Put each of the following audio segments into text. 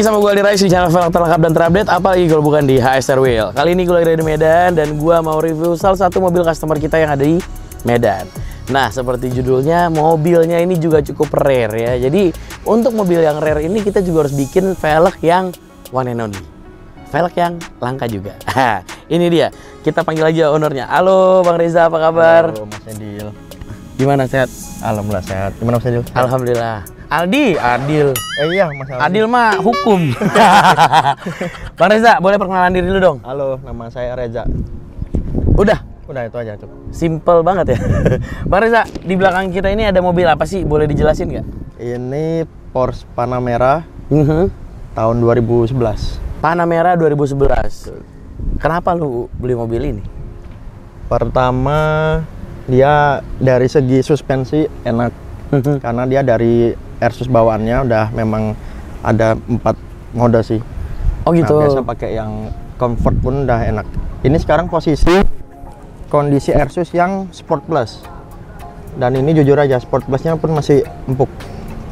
lagi sama gue Ali Rais di channel film terlengkap dan terupdate Apalagi kalau bukan di HSR Wheel Kali ini gue lagi dari Medan dan gue mau review salah satu mobil customer kita yang ada di Medan Nah seperti judulnya mobilnya ini juga cukup rare ya Jadi untuk mobil yang rare ini kita juga harus bikin velg yang one and only Velg yang langka juga Ini dia, kita panggil aja ownernya Halo Bang Reza apa kabar? Halo Mas Edil Gimana sehat? Alhamdulillah sehat Gimana Mas Edil? Alhamdulillah Aldi, Adil. Eh iya, Mas Aldi. Adil mah hukum. Bang Reza, boleh perkenalan diri dulu dong? Halo, nama saya Reza. Udah? Udah itu aja cukup. Simple banget ya. Bang Reza, di belakang kita ini ada mobil apa sih? Boleh dijelasin nggak? Ini Porsche Panamera. Mm -hmm. Tahun 2011. Panamera 2011. Kenapa lu beli mobil ini? Pertama, dia dari segi suspensi enak. Mhm. karena dia dari Airsus bawaannya udah memang ada empat mode sih. Oh gitu. Nah, biasa pakai yang comfort pun udah enak. Ini sekarang posisi kondisi Airsus yang Sport Plus. Dan ini jujur aja Sport Plusnya pun masih empuk.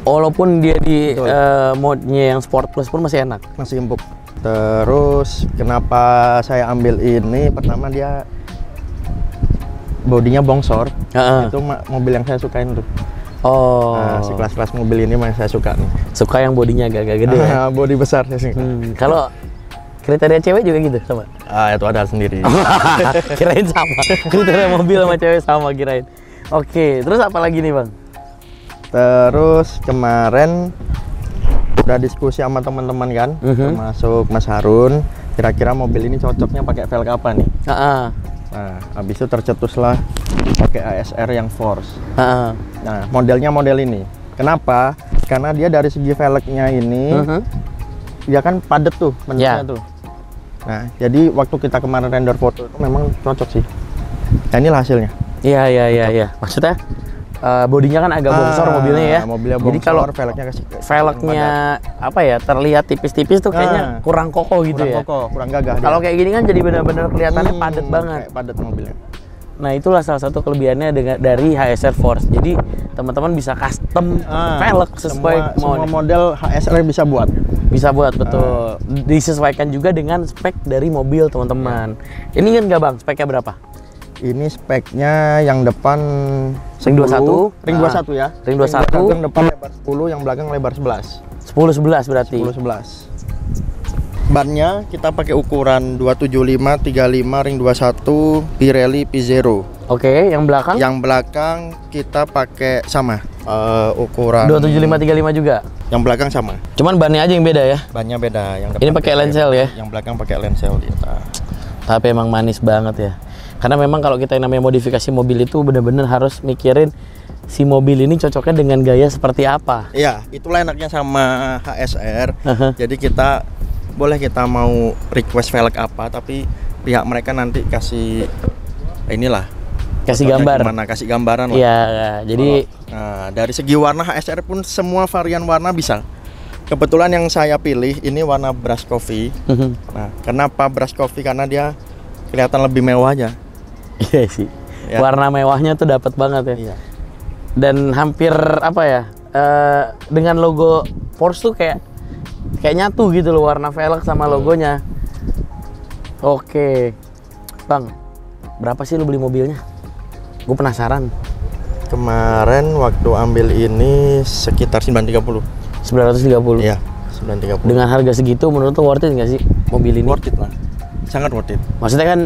Walaupun dia di uh, modenya yang Sport Plus pun masih enak. Masih empuk. Terus kenapa saya ambil ini? Pertama dia bodinya bongsor. Uh -uh. Itu mobil yang saya sukain tuh. Oh. Nah, si kelas-kelas mobil ini yang saya suka nih. Suka yang bodinya agak-agak gede ya? Bodi besar sih. Hmm. Kalau kriteria cewek juga gitu sama? Ah, itu ada sendiri. kirain sama. Kriteria mobil sama cewek sama kirain. Oke, terus apa lagi nih, Bang? Terus kemarin udah diskusi sama teman-teman kan, uh mhm. -huh. termasuk Mas Harun, kira-kira mobil ini cocoknya pakai velg apa nih? Uh -uh. Nah, habis itu tercetuslah pakai ASR yang force. Uh -uh Nah, modelnya model ini. Kenapa? Karena dia dari segi velgnya ini, uh -huh. dia kan padet tuh bentuknya yeah. tuh. Nah, jadi waktu kita kemarin render foto itu memang cocok sih. Nah, inilah hasilnya. Iya, iya, iya, iya. Maksudnya uh, bodinya kan agak bongsor ah, mobilnya ya. Mobilnya bongsor, Jadi kalau velgnya kasih velgnya apa ya terlihat tipis-tipis tuh kayaknya ah, kurang kokoh gitu kurang ya. Kurang kokoh, kurang gagah. Kalau kayak gini kan jadi benar-benar kelihatannya hmm, padat banget. padat mobilnya. Nah itulah salah satu kelebihannya dengan dari HSR Force. Jadi teman-teman bisa custom ah, velg sesuai semua, mod. semua model HSR yang bisa buat. Bisa buat betul. Ah. Disesuaikan juga dengan spek dari mobil teman-teman. Ini kan nggak bang speknya berapa? Ini speknya yang depan ring satu ring ah, dua satu ya. Ring dua satu yang depan lebar sepuluh yang belakang lebar sebelas sepuluh sebelas berarti. sepuluh sebelas Bannya kita pakai ukuran 275 35 ring 21 Pirelli P0. Oke, okay, yang belakang? Yang belakang kita pakai sama uh, ukuran 275 35 juga. Yang belakang sama. Cuman bannya aja yang beda ya. Bannya beda. Yang Ini pakai lensel ya. Yang belakang pakai lensel kita. Tapi emang manis banget ya. Karena memang kalau kita yang namanya modifikasi mobil itu bener-bener harus mikirin si mobil ini cocoknya dengan gaya seperti apa. Iya, itulah enaknya sama HSR. Uh -huh. Jadi kita boleh kita mau request velg apa tapi pihak mereka nanti kasih inilah kasih gambar mana kasih gambaran lah ya, jadi oh, nah, dari segi warna HSR pun semua varian warna bisa kebetulan yang saya pilih ini warna brush coffee mm -hmm. nah kenapa brush coffee karena dia kelihatan lebih mewah aja iya sih ya. warna mewahnya tuh dapat banget ya iya. dan hampir apa ya uh, dengan logo Porsche tuh kayak Kayak nyatu gitu loh warna velg sama logonya. Oke. Bang, berapa sih lo beli mobilnya? Gue penasaran. Kemarin waktu ambil ini sekitar 930. 930. Iya, 930. Dengan harga segitu menurut lo worth it nggak sih mobil ini? Worth it lah. Sangat worth it. Maksudnya kan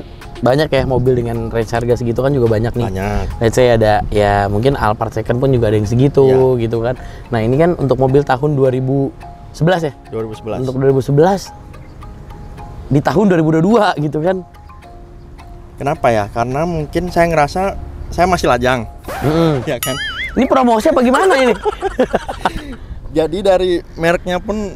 banyak ya mobil dengan range harga segitu kan juga banyak nih. Banyak. Let's say ada ya mungkin Alphard Second pun juga ada yang segitu ya. gitu kan. Nah, ini kan untuk mobil tahun 2000 sebelas ya? 2011. Untuk 2011 di tahun 2022 gitu kan. Kenapa ya? Karena mungkin saya ngerasa saya masih lajang. Mm. ya kan? Ini promosi apa gimana ini? Jadi dari mereknya pun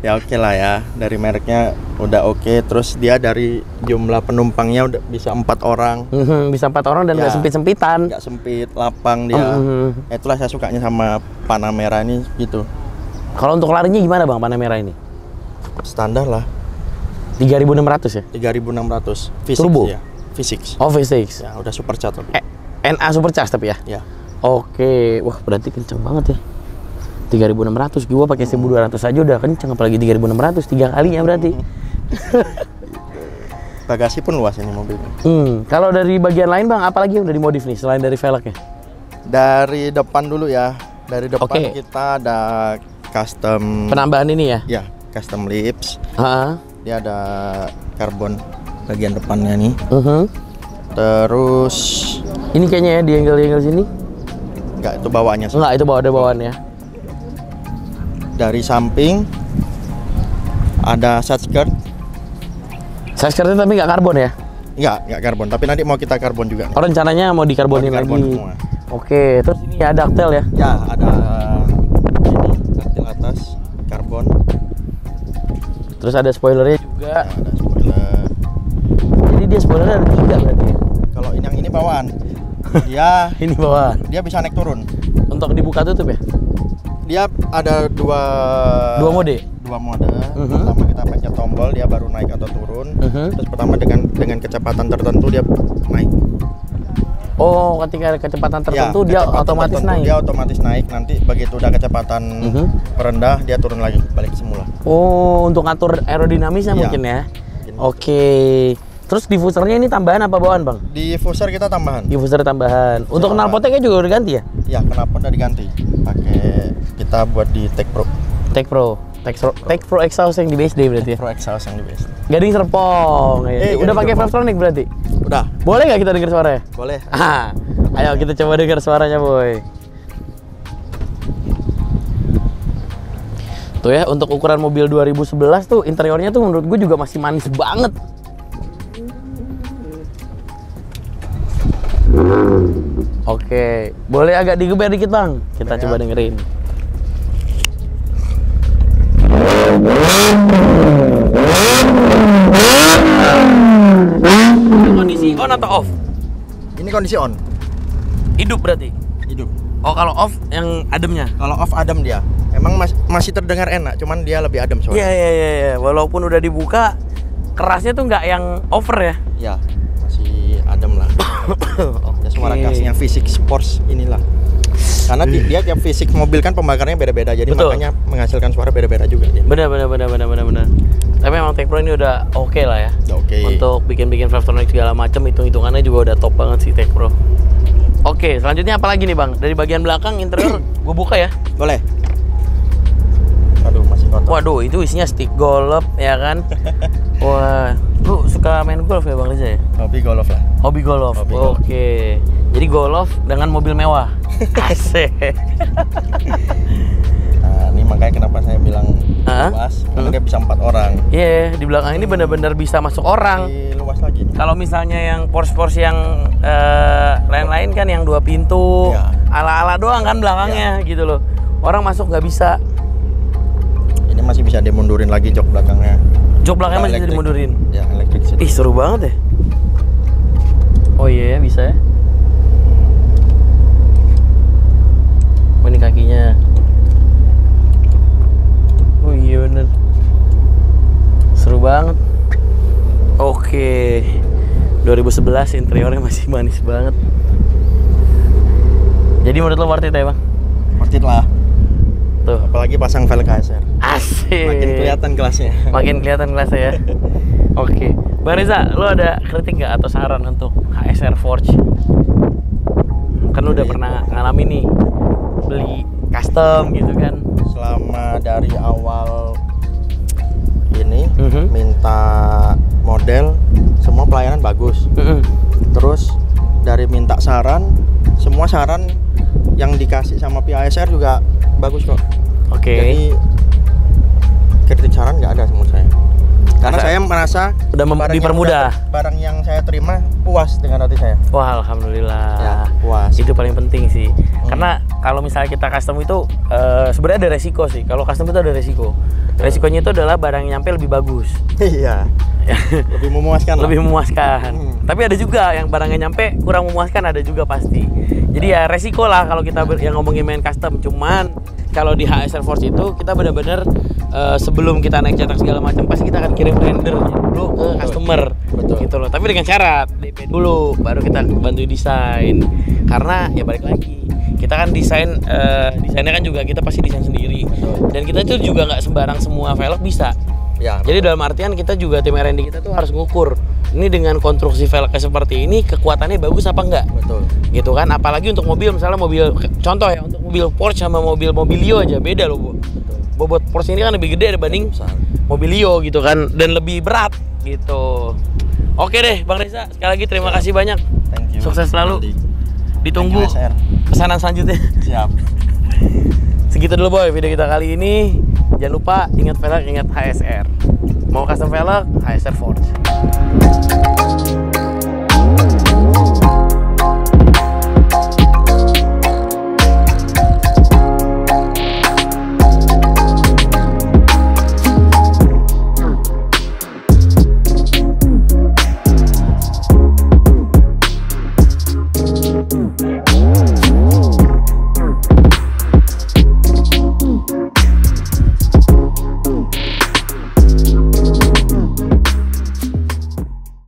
ya oke okay lah ya. Dari mereknya udah oke. Okay. Terus dia dari jumlah penumpangnya udah bisa empat orang. Mm -hmm, bisa empat orang dan ya. nggak ya, sempit sempitan. Nggak sempit lapang dia. Mm -hmm. Itulah saya sukanya sama Panamera ini gitu. Kalau untuk larinya gimana Bang Panah Merah ini? Standar lah. 3600 ya? 3600 fisik Turbo? ya. Fisik. Oh, fisik Ya, udah super tapi. eh NA supercharged tapi ya? Ya. Oke, wah berarti kenceng banget ya. 3600 gue pakai 1200 aja udah kenceng apalagi 3600 tiga kalinya berarti. Bagasi pun luas ini mobil Hmm, kalau dari bagian lain Bang, apalagi yang udah dimodif nih selain dari velgnya? Dari depan dulu ya. Dari depan okay. kita ada custom penambahan ini ya? Ya, custom lips. ya Dia ada karbon bagian depannya nih. Uh -huh. Terus ini kayaknya ya di angle-angle sini? Enggak, itu bawaannya. Enggak, itu bawa ada bawaannya. Dari samping ada side skirt. Side skirtnya tapi enggak karbon ya? Enggak, enggak karbon, tapi nanti mau kita karbon juga. Oh, rencananya mau dikarbonin lagi. Semua. Oke, terus ini ada aktel ya? Ya, ada Terus ada spoilernya juga. Ya, ada spoiler. Jadi dia spoilernya ada tiga berarti. Ya? Kalau yang ini bawaan. Dia ini bawaan. Dia bisa naik turun. Untuk dibuka tutup ya? Dia ada dua dua mode. Dua mode. Uh mhm. -huh. Pertama kita pencet tombol dia baru naik atau turun. Uh mhm. -huh. Terus pertama dengan dengan kecepatan tertentu dia naik Oh, ketika ada kecepatan ya, tertentu ya, dia kecepatan otomatis tertentu, naik. Dia otomatis naik nanti begitu udah kecepatan uh mhm. -huh. rendah dia turun lagi balik semula. Oh, untuk ngatur aerodinamisnya iya. ya. mungkin ya. Oke. Okay. Terus diffusernya ini tambahan apa bawaan, Bang? Diffuser kita tambahan. Diffuser tambahan. Untuk knalpotnya juga udah ganti ya? Ya, knalpot udah diganti. Pakai kita buat di Tech Pro. Tech Pro. Tech Pro, Tech Pro exhaust yang di base deh berarti ya? Tech Pro exhaust yang di base. Gading Serpong. Hmm. Ya. Eh, udah pakai Fastronic berarti? Udah. Boleh nggak kita dengar suaranya? Boleh. Ah, ayo kita coba dengar suaranya, boy. Tuh ya, untuk ukuran mobil 2011 tuh interiornya tuh menurut gue juga masih manis banget. Oke, boleh agak digeber dikit bang. Kita Banyak. coba ya. dengerin. kondisi on atau off? Ini kondisi on. Hidup berarti? Hidup. Oh, kalau off yang ademnya? Kalau off adem dia. Emang mas masih terdengar enak, cuman dia lebih adem soalnya. Iya, iya, iya, Ya. Walaupun udah dibuka, kerasnya tuh nggak yang over ya? Iya, masih adem lah. okay. suara kasihnya fisik sports inilah karena di, iya. dia tiap fisik mobil kan pembakarnya beda-beda jadi Betul. makanya menghasilkan suara beda-beda juga benar benar benar benar benar benar tapi emang Tech Pro ini udah oke okay lah ya oke okay. untuk bikin-bikin Flavonoid segala macam hitung-hitungannya juga udah top banget sih Tech Pro oke selanjutnya apa lagi nih bang dari bagian belakang interior gue buka ya boleh Waduh, masih kotor. Waduh, itu isinya stick golf ya kan? Wah, lu suka main golf ya Bang Riza ya? Hobi golf lah. Hobi golf. Oke. Golf. Jadi golf dengan mobil mewah. Asik. nah, ini makanya kenapa saya bilang uh -huh. luas, karena uh dia bisa empat orang. Iya, yeah, di belakang ini benar-benar bisa masuk orang. Di luas lagi. Kalau misalnya yang Porsche-Porsche yang eh, lain-lain uh, kan yang dua pintu, iya. ala-ala yeah. doang kan belakangnya yeah. gitu loh. Orang masuk nggak bisa. Ini masih bisa dimundurin lagi jok belakangnya. Jok belakangnya nah, masih bisa dimundurin. Ya, elektrik. Ih, seru banget ya. Oh iya, yeah, bisa ya. apa ini kakinya oh iya bener seru banget oke 2011 interiornya masih manis banget jadi menurut lo worth it ya bang? worth it lah tuh apalagi pasang velg KSR asik makin kelihatan kelasnya makin kelihatan kelasnya ya oke Bang Reza, lo ada kritik nggak atau saran untuk HSR Forge? Kan lo udah pernah ngalami nih beli custom gitu kan selama dari awal ini mm -hmm. minta model semua pelayanan bagus mm -hmm. terus dari minta saran semua saran yang dikasih sama PISR juga bagus kok oke okay. jadi kritik saran nggak ada semua karena saya merasa sudah dipermudah yang, barang yang saya terima puas dengan roti saya wah alhamdulillah ya, puas itu paling penting sih hmm. karena kalau misalnya kita custom itu e, sebenarnya ada resiko sih kalau custom itu ada resiko resikonya itu adalah barang yang nyampe lebih bagus iya lebih memuaskan lebih memuaskan hmm. tapi ada juga yang barangnya nyampe kurang memuaskan ada juga pasti jadi ya resiko lah kalau kita yang ngomongin main custom cuman kalau di HSR Force itu kita benar-benar Eh, sebelum kita naik cetak segala macam pasti kita akan kirim render dulu ke customer Betul. gitu loh tapi dengan syarat DP dulu baru kita bantu desain karena ya balik lagi kita kan desain uh, desainnya kan juga kita pasti desain sendiri dan kita itu juga nggak sembarang semua velg bisa ya, jadi dalam artian kita juga tim R&D kita tuh harus ngukur ini dengan konstruksi velg seperti ini kekuatannya bagus apa enggak betul gitu kan apalagi untuk mobil misalnya mobil contoh ya untuk mobil Porsche sama mobil mobilio aja beda loh bu bobot Porsche ini kan lebih gede dibanding mobilio gitu kan dan lebih berat gitu oke deh bang Reza sekali lagi terima kasih banyak Thank you. sukses selalu ditunggu pesanan selanjutnya siap segitu dulu boy video kita kali ini jangan lupa ingat velg ingat HSR mau custom velg HSR Forge